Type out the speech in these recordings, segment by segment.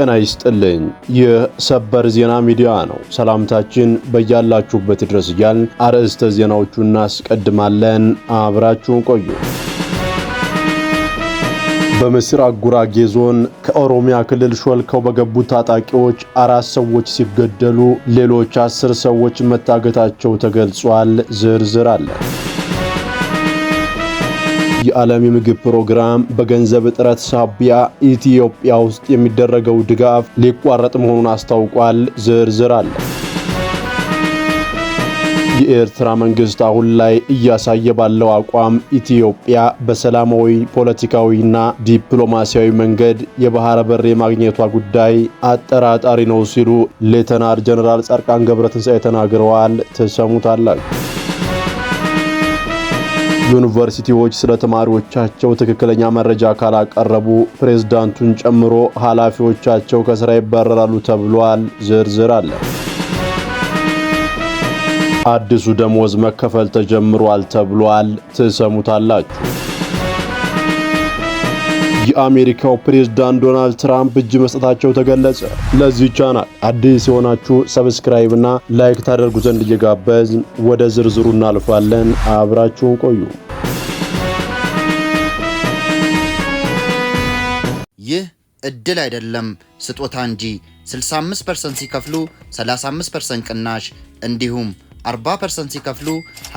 ጤና ይስጥልኝ። ሰበር ዜና ሚዲያ ነው። ሰላምታችን በያላችሁበት ድረስ እያል አርዕስተ ዜናዎቹን እናስቀድማለን። አብራችሁን ቆዩ። በምስራቅ ጉራጌ ዞን ከኦሮሚያ ክልል ሾልከው በገቡ ታጣቂዎች አራት ሰዎች ሲገደሉ ሌሎች አስር ሰዎች መታገታቸው ተገልጿል። ዝርዝር አለ። የዓለም የምግብ ፕሮግራም በገንዘብ እጥረት ሳቢያ ኢትዮጵያ ውስጥ የሚደረገው ድጋፍ ሊቋረጥ መሆኑን አስታውቋል። ዝርዝር አለ። የኤርትራ መንግስት አሁን ላይ እያሳየ ባለው አቋም ኢትዮጵያ በሰላማዊ ፖለቲካዊና ዲፕሎማሲያዊ መንገድ የባህረ በር የማግኘቷ ጉዳይ አጠራጣሪ ነው ሲሉ ሌተናር ጀነራል ጻድቃን ገብረትንሳኤ ተናግረዋል። ተሰሙታላችሁ። ዩኒቨርሲቲዎች ስለ ተማሪዎቻቸው ትክክለኛ መረጃ ካላቀረቡ ፕሬዝዳንቱን ጨምሮ ኃላፊዎቻቸው ከስራ ይባረራሉ ተብሏል። ዝርዝር አለ። አዲሱ ደሞዝ መከፈል ተጀምሯል ተብሏል። ትሰሙታላችሁ። የአሜሪካው ፕሬዝዳንት ዶናልድ ትራምፕ እጅ መስጠታቸው ተገለጸ። ለዚህ ቻናል አዲስ የሆናችሁ ሰብስክራይብ እና ላይክ ታደርጉ ዘንድ እየጋበዝ ወደ ዝርዝሩ እናልፋለን። አብራችሁን ቆዩ። ይህ እድል አይደለም ስጦታ እንጂ 65% ሲከፍሉ 35% ቅናሽ እንዲሁም 40% ሲከፍሉ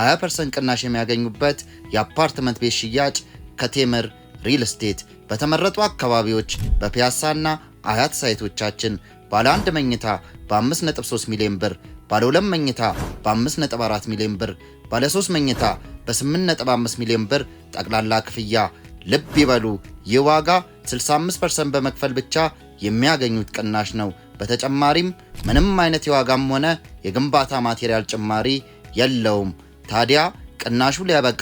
20% ቅናሽ የሚያገኙበት የአፓርትመንት ቤት ሽያጭ ከቴምር ሪል ስቴት በተመረጡ አካባቢዎች በፒያሳና አያት ሳይቶቻችን ባለ አንድ መኝታ በ5.3 ሚሊዮን ብር፣ ባለ ሁለት መኝታ በ5.4 ሚሊዮን ብር፣ ባለ 3 መኝታ በ8.5 ሚሊዮን ብር ጠቅላላ ክፍያ። ልብ ይበሉ፣ ይህ ዋጋ 65% በመክፈል ብቻ የሚያገኙት ቅናሽ ነው። በተጨማሪም ምንም አይነት የዋጋም ሆነ የግንባታ ማቴሪያል ጭማሪ የለውም። ታዲያ ቅናሹ ሊያበቃ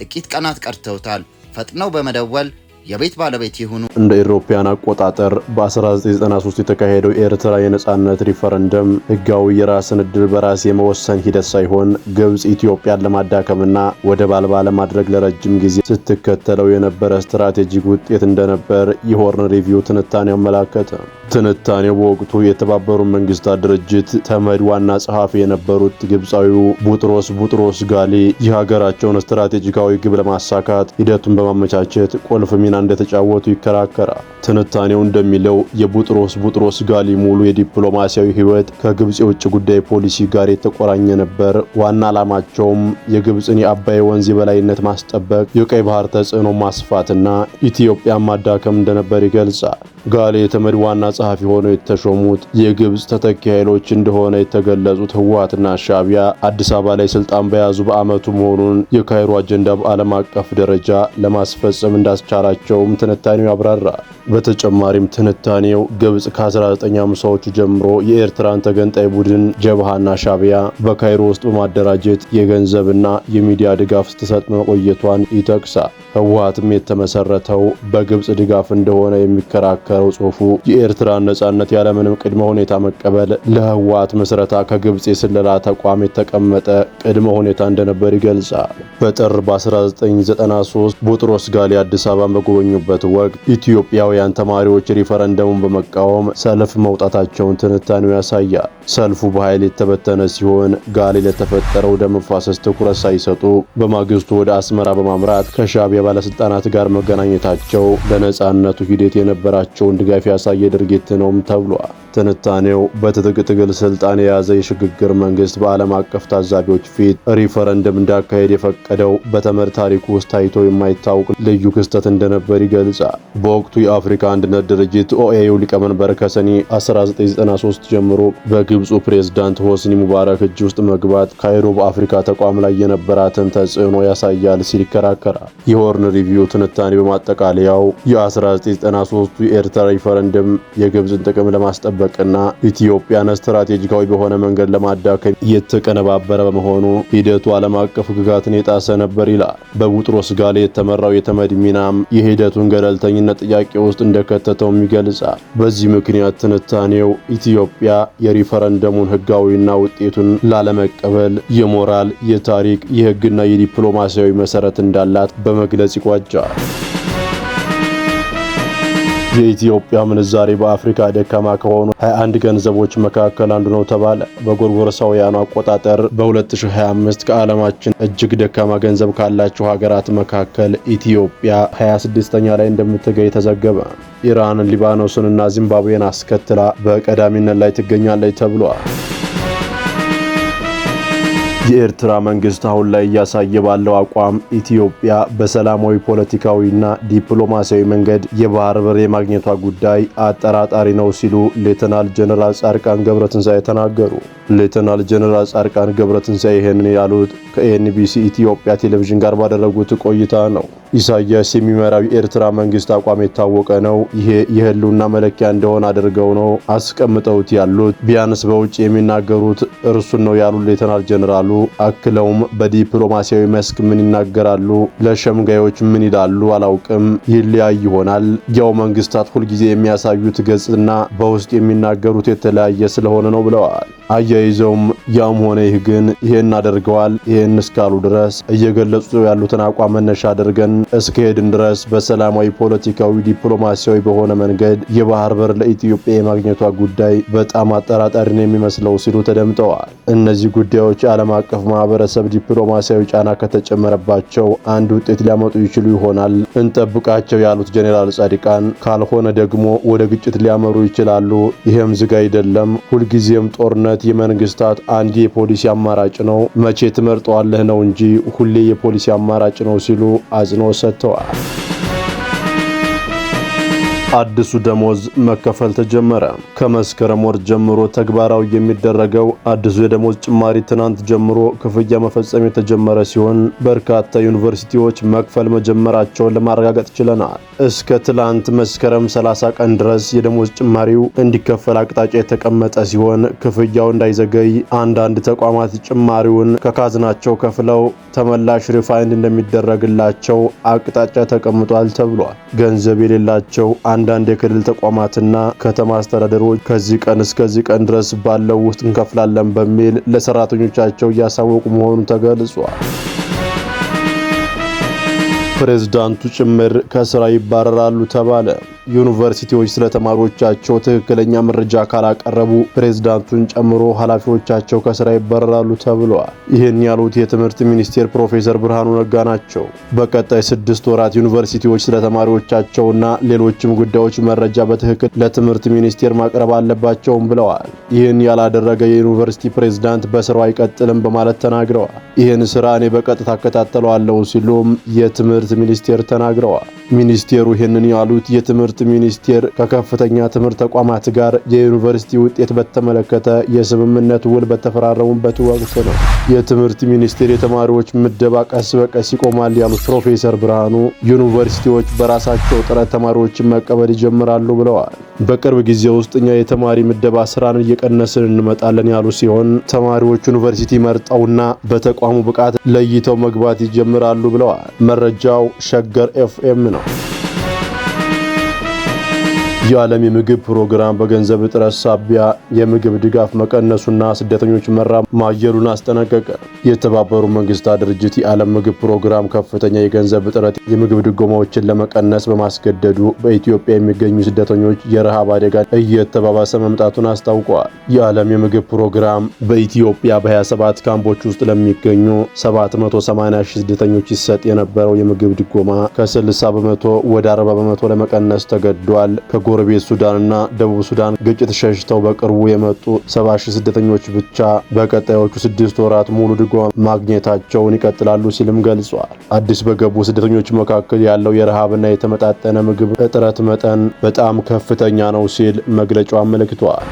ጥቂት ቀናት ቀርተውታል። ፈጥነው በመደወል የቤት ባለቤት ይሁኑ። እንደ ኢሮፓያን አቆጣጠር በ1993 የተካሄደው የኤርትራ የነጻነት ሪፈረንደም ህጋዊ የራስን እድል በራስ የመወሰን ሂደት ሳይሆን ግብፅ ኢትዮጵያን ለማዳከምና ወደ ባልባ ለማድረግ ለረጅም ጊዜ ስትከተለው የነበረ ስትራቴጂክ ውጤት እንደነበር የሆርን ሪቪው ትንታኔ አመላከተ። ትንታኔው በወቅቱ የተባበሩት መንግስታት ድርጅት ተመድ ዋና ጸሐፊ የነበሩት ግብፃዊው ቡጥሮስ ቡጥሮስ ጋሌ የሀገራቸውን ስትራቴጂካዊ ግብ ለማሳካት ሂደቱን በማመቻቸት ቁልፍ ሚና እንደተጫወቱ ይከራከራል። ትንታኔው እንደሚለው የቡጥሮስ ቡጥሮስ ጋሊ ሙሉ የዲፕሎማሲያዊ ሕይወት ከግብፅ የውጭ ጉዳይ ፖሊሲ ጋር የተቆራኘ ነበር። ዋና ዓላማቸውም የግብፅን የአባይ ወንዝ የበላይነት ማስጠበቅ፣ የቀይ ባህር ተጽዕኖ ማስፋትና ኢትዮጵያን ማዳከም እንደነበር ይገልጻል። ጋሌ የተመድ ዋና ጸሐፊ ሆነው የተሾሙት የግብፅ ተተኪ ኃይሎች እንደሆነ የተገለጹት ህወሓትና ሻቢያ አዲስ አበባ ላይ ስልጣን በያዙ በዓመቱ መሆኑን የካይሮ አጀንዳ በዓለም አቀፍ ደረጃ ለማስፈጸም እንዳስቻላቸውም ትንታኔው ያብራራል። በተጨማሪም ትንታኔው ግብጽ ከ1950ዎቹ ጀምሮ የኤርትራን ተገንጣይ ቡድን ጀብሃና ሻቢያ በካይሮ ውስጥ በማደራጀት የገንዘብና የሚዲያ ድጋፍ ስትሰጥ መቆየቷን ይጠቅሳል። ህወሓትም የተመሰረተው በግብፅ ድጋፍ እንደሆነ የሚከራከረው ጽሑፉ የኤርትራን ነጻነት ያለምንም ቅድመ ሁኔታ መቀበል ለህወሓት መስረታ ከግብፅ የስለላ ተቋም የተቀመጠ ቅድመ ሁኔታ እንደነበር ይገልጻል። በጥር በ1993 ቡጥሮስ ጋሊ አዲስ አበባን በጎበኙበት ወቅት ኢትዮጵያውያን ተማሪዎች ሪፈረንደሙን በመቃወም ሰልፍ መውጣታቸውን ትንታኔው ያሳያል። ሰልፉ በኃይል የተበተነ ሲሆን ጋሊ ለተፈጠረው ደም መፋሰስ ትኩረት ሳይሰጡ በማግስቱ ወደ አስመራ በማምራት ከሻቢያ ባለስልጣናት ጋር መገናኘታቸው በነፃነቱ ሂደት የነበራቸውን ድጋፍ ያሳየ ድርጊት ነውም ተብሏል። ትንታኔው በትጥቅ ትግል ስልጣን የያዘ የሽግግር መንግስት በዓለም አቀፍ ታዛቢዎች ፊት ሪፈረንደም እንዳካሄድ የፈቀደው በተመድ ታሪክ ውስጥ ታይቶ የማይታወቅ ልዩ ክስተት እንደነበር ይገልጻል። በወቅቱ የአፍሪካ አንድነት ድርጅት ኦኤዩ ሊቀመንበር ከሰኔ 1993 ጀምሮ በግብፁ ፕሬዝዳንት ሆስኒ ሙባረክ እጅ ውስጥ መግባት ካይሮ በአፍሪካ ተቋም ላይ የነበራትን ተጽዕኖ ያሳያል ሲል ይከራከራል። የሆርን ሪቪው ትንታኔ በማጠቃለያው የ1993ቱ የኤርትራ ሪፈረንደም የግብፅን ጥቅም ለማስጠበቅ ለማስታጠቅና ኢትዮጵያን ስትራቴጂካዊ በሆነ መንገድ ለማዳከም የተቀነባበረ በመሆኑ ሂደቱ ዓለም አቀፍ ሕግጋትን የጣሰ ነበር ይላል። በቡጥሮስ ጋሌ የተመራው የተመድ ሚናም የሂደቱን ገለልተኝነት ጥያቄ ውስጥ እንደከተተውም ይገልጻል። በዚህ ምክንያት ትንታኔው ኢትዮጵያ የሪፈረንደሙን ሕጋዊና ውጤቱን ላለመቀበል የሞራል፣ የታሪክ፣ የሕግና የዲፕሎማሲያዊ መሰረት እንዳላት በመግለጽ ይቋጫል። የኢትዮጵያ ምንዛሬ በአፍሪካ ደካማ ከሆኑ 21 ገንዘቦች መካከል አንዱ ነው ተባለ። በጎርጎረሳውያኑ አቆጣጠር በ2025 ከዓለማችን እጅግ ደካማ ገንዘብ ካላቸው ሀገራት መካከል ኢትዮጵያ 26ኛ ላይ እንደምትገኝ ተዘገበ። ኢራን ሊባኖስንና ዚምባብዌን አስከትላ በቀዳሚነት ላይ ትገኛለች ተብሏል። የኤርትራ መንግስት አሁን ላይ እያሳየ ባለው አቋም ኢትዮጵያ በሰላማዊ ፖለቲካዊና ዲፕሎማሲያዊ መንገድ የባህር በር የማግኘቷ ጉዳይ አጠራጣሪ ነው ሲሉ ሌተናል ጀነራል ጻድቃን ገብረትንሳኤ ተናገሩ። ሌተናል ጀነራል ጻድቃን ገብረትንሳኤ ይህንን ያሉት ከኤንቢሲ ኢትዮጵያ ቴሌቪዥን ጋር ባደረጉት ቆይታ ነው። ኢሳያስ የሚመራው የኤርትራ መንግስት አቋም የታወቀ ነው። ይሄ የህልውና መለኪያ እንደሆነ አድርገው ነው አስቀምጠውት ያሉት። ቢያንስ በውጭ የሚናገሩት እርሱን ነው ያሉ ሌተናል ጀኔራሉ አክለውም በዲፕሎማሲያዊ መስክ ምን ይናገራሉ፣ ለሸምጋዮች ምን ይላሉ አላውቅም፣ ይለያይ ይሆናል። ያው መንግስታት ሁልጊዜ የሚያሳዩት ገጽና በውስጥ የሚናገሩት የተለያየ ስለሆነ ነው ብለዋል። አያይዘውም ያም ሆነ ይህ ግን ይሄን አደርገዋል ይሄን እስካሉ ድረስ እየገለጹ ያሉትን አቋም መነሻ አድርገን እስከሄድን ድረስ በሰላማዊ ፖለቲካዊ፣ ዲፕሎማሲያዊ በሆነ መንገድ የባህር በር ለኢትዮጵያ የማግኘቷ ጉዳይ በጣም አጠራጣሪ ነው የሚመስለው ሲሉ ተደምጠዋል። እነዚህ ጉዳዮች የዓለም አቀፍ ማህበረሰብ ዲፕሎማሲያዊ ጫና ከተጨመረባቸው አንድ ውጤት ሊያመጡ ይችሉ ይሆናል እንጠብቃቸው ያሉት ጄኔራል ጻድቃን ካልሆነ ደግሞ ወደ ግጭት ሊያመሩ ይችላሉ። ይህም ዝግ አይደለም። ሁልጊዜም ጦርነት ነጻነት የመንግስታት አንድ የፖሊሲ አማራጭ ነው፣ መቼ ትመርጠዋለህ ነው እንጂ ሁሌ የፖሊሲ አማራጭ ነው ሲሉ አጽንኦት ሰጥተዋል። አዲሱ ደሞዝ መከፈል ተጀመረ። ከመስከረም ወር ጀምሮ ተግባራዊ የሚደረገው አዲሱ የደሞዝ ጭማሪ ትናንት ጀምሮ ክፍያ መፈጸም የተጀመረ ሲሆን በርካታ ዩኒቨርሲቲዎች መክፈል መጀመራቸውን ለማረጋገጥ ችለናል። እስከ ትላንት መስከረም 30 ቀን ድረስ የደሞዝ ጭማሪው እንዲከፈል አቅጣጫ የተቀመጠ ሲሆን ክፍያው እንዳይዘገይ አንዳንድ ተቋማት ጭማሪውን ከካዝናቸው ከፍለው ተመላሽ ሪፋይንድ እንደሚደረግላቸው አቅጣጫ ተቀምጧል ተብሏል። ገንዘብ የሌላቸው አንዳንድ የክልል ተቋማትና ከተማ አስተዳደሮች ከዚህ ቀን እስከዚህ ቀን ድረስ ባለው ውስጥ እንከፍላለን በሚል ለሰራተኞቻቸው እያሳወቁ መሆኑ ተገልጿል። ፕሬዝዳንቱ ጭምር ከስራ ይባረራሉ ተባለ። ዩኒቨርሲቲዎች ስለ ተማሪዎቻቸው ትክክለኛ መረጃ ካላቀረቡ ፕሬዝዳንቱን ጨምሮ ኃላፊዎቻቸው ከስራ ይበረራሉ ተብለዋል። ይህን ያሉት የትምህርት ሚኒስቴር ፕሮፌሰር ብርሃኑ ነጋ ናቸው። በቀጣይ ስድስት ወራት ዩኒቨርሲቲዎች ስለ ተማሪዎቻቸውና ሌሎችም ጉዳዮች መረጃ በትክክል ለትምህርት ሚኒስቴር ማቅረብ አለባቸውም ብለዋል። ይህን ያላደረገ የዩኒቨርሲቲ ፕሬዝዳንት በስራው አይቀጥልም በማለት ተናግረዋል። ይህን ስራ እኔ በቀጥታ እከታተለዋለሁ ሲሉም የትምህርት ሚኒስቴር ተናግረዋል። ሚኒስቴሩ ይህንን ያሉት የትምህርት ትምህርት ሚኒስቴር ከከፍተኛ ትምህርት ተቋማት ጋር የዩኒቨርሲቲ ውጤት በተመለከተ የስምምነት ውል በተፈራረሙበት ወቅት ነው። የትምህርት ሚኒስቴር የተማሪዎች ምደባ ቀስ በቀስ ይቆማል ያሉት ፕሮፌሰር ብርሃኑ ዩኒቨርሲቲዎች በራሳቸው ጥረት ተማሪዎችን መቀበል ይጀምራሉ ብለዋል። በቅርብ ጊዜ ውስጥ እኛ የተማሪ ምደባ ስራን እየቀነስን እንመጣለን ያሉ ሲሆን ተማሪዎች ዩኒቨርሲቲ መርጠውና በተቋሙ ብቃት ለይተው መግባት ይጀምራሉ ብለዋል። መረጃው ሸገር ኤፍኤም ነው። የዓለም የምግብ ፕሮግራም በገንዘብ እጥረት ሳቢያ የምግብ ድጋፍ መቀነሱና ስደተኞች መራ ማየሉን አስጠነቀቀ። የተባበሩት መንግስታት ድርጅት የዓለም ምግብ ፕሮግራም ከፍተኛ የገንዘብ እጥረት የምግብ ድጎማዎችን ለመቀነስ በማስገደዱ በኢትዮጵያ የሚገኙ ስደተኞች የረሃብ አደጋ እየተባባሰ መምጣቱን አስታውቋል። የዓለም የምግብ ፕሮግራም በኢትዮጵያ በ27 ካምፖች ውስጥ ለሚገኙ 780 ሺህ ስደተኞች ይሰጥ የነበረው የምግብ ድጎማ ከ60 በመቶ ወደ 40 በመቶ ለመቀነስ ተገዷል። ሱዳን ሱዳንና ደቡብ ሱዳን ግጭት ሸሽተው በቅርቡ የመጡ ሰባ ሺህ ስደተኞች ብቻ በቀጣዮቹ ስድስት ወራት ሙሉ ድጎማ ማግኘታቸውን ይቀጥላሉ ሲልም ገልጿል። አዲስ በገቡ ስደተኞች መካከል ያለው የረሃብና የተመጣጠነ ምግብ እጥረት መጠን በጣም ከፍተኛ ነው ሲል መግለጫው አመልክቷል።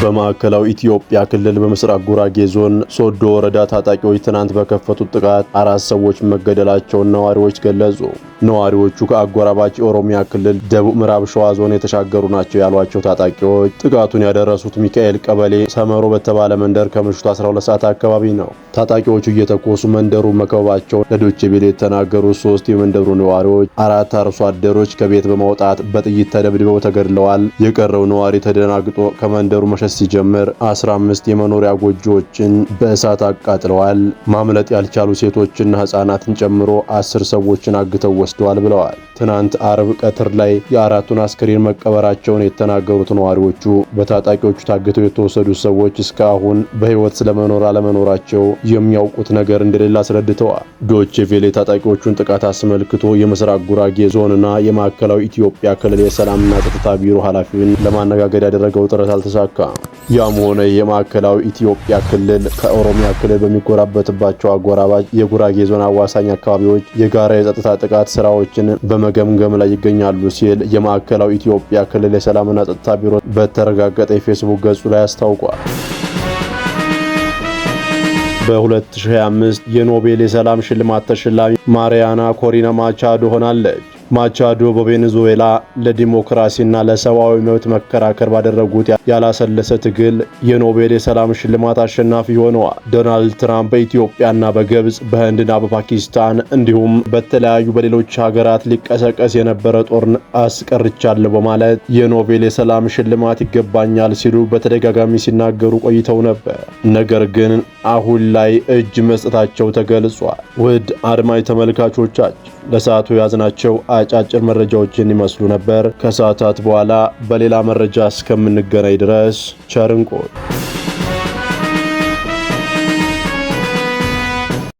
በማዕከላዊ ኢትዮጵያ ክልል በምስራቅ ጉራጌ ዞን ሶዶ ወረዳ ታጣቂዎች ትናንት በከፈቱት ጥቃት አራት ሰዎች መገደላቸውን ነዋሪዎች ገለጹ። ነዋሪዎቹ ከአጎራባች የኦሮሚያ ክልል ደቡብ ምዕራብ ሸዋ ዞን የተሻገሩ ናቸው ያሏቸው ታጣቂዎች ጥቃቱን ያደረሱት ሚካኤል ቀበሌ ሰመሮ በተባለ መንደር ከምሽቱ 12 ሰዓት አካባቢ ነው። ታጣቂዎቹ እየተኮሱ መንደሩ መከበባቸውን ለዶቼ ቤሌ የተናገሩ ሶስት የመንደሩ ነዋሪዎች አራት አርሶ አደሮች ከቤት በመውጣት በጥይት ተደብድበው ተገድለዋል። የቀረው ነዋሪ ተደናግጦ ከመንደሩ መቆሸሽ ሲጀምር 15 የመኖሪያ ጎጆዎችን በእሳት አቃጥለዋል። ማምለጥ ያልቻሉ ሴቶችና ህጻናትን ጨምሮ አስር ሰዎችን አግተው ወስደዋል ብለዋል። ትናንት አርብ ቀትር ላይ የአራቱን አስክሪን መቀበራቸውን የተናገሩት ነዋሪዎቹ በታጣቂዎቹ ታግተው የተወሰዱ ሰዎች እስካሁን በህይወት ስለመኖር አለመኖራቸው የሚያውቁት ነገር እንደሌለ አስረድተዋል። ዶቼ ቬሌ ታጣቂዎቹን ጥቃት አስመልክቶ የምስራቅ ጉራጌ ዞንና የማዕከላዊ ኢትዮጵያ ክልል የሰላምና ጸጥታ ቢሮ ኃላፊውን ለማነጋገር ያደረገው ጥረት አልተሳካም። ያም ሆነ የማዕከላዊ ኢትዮጵያ ክልል ከኦሮሚያ ክልል በሚጎራበትባቸው አጎራባች የጉራጌ ዞን አዋሳኝ አካባቢዎች የጋራ የጸጥታ ጥቃት ስራዎችን በመገምገም ላይ ይገኛሉ ሲል የማዕከላዊ ኢትዮጵያ ክልል የሰላምና ጸጥታ ቢሮ በተረጋገጠ የፌስቡክ ገጹ ላይ አስታውቋል። በ2025 የኖቤል የሰላም ሽልማት ተሸላሚ ማሪያና ኮሪና ማቻዶ ሆናለች። ማቻዶ በቬኔዙዌላ ለዲሞክራሲና ለሰብአዊ መብት መከራከር ባደረጉት ያላሰለሰ ትግል የኖቤል የሰላም ሽልማት አሸናፊ ሆነዋል። ዶናልድ ትራምፕ በኢትዮጵያና በግብፅ በህንድና በፓኪስታን እንዲሁም በተለያዩ በሌሎች ሀገራት ሊቀሰቀስ የነበረ ጦርን አስቀርቻለሁ በማለት የኖቤል የሰላም ሽልማት ይገባኛል ሲሉ በተደጋጋሚ ሲናገሩ ቆይተው ነበር። ነገር ግን አሁን ላይ እጅ መስጠታቸው ተገልጿል። ውድ አድማጭ ተመልካቾቻችን ለሰዓቱ ያዝናቸው አጫጭር መረጃዎችን ይመስሉ ነበር። ከሰዓታት በኋላ በሌላ መረጃ እስከምንገናኝ ድረስ ቸርንቆ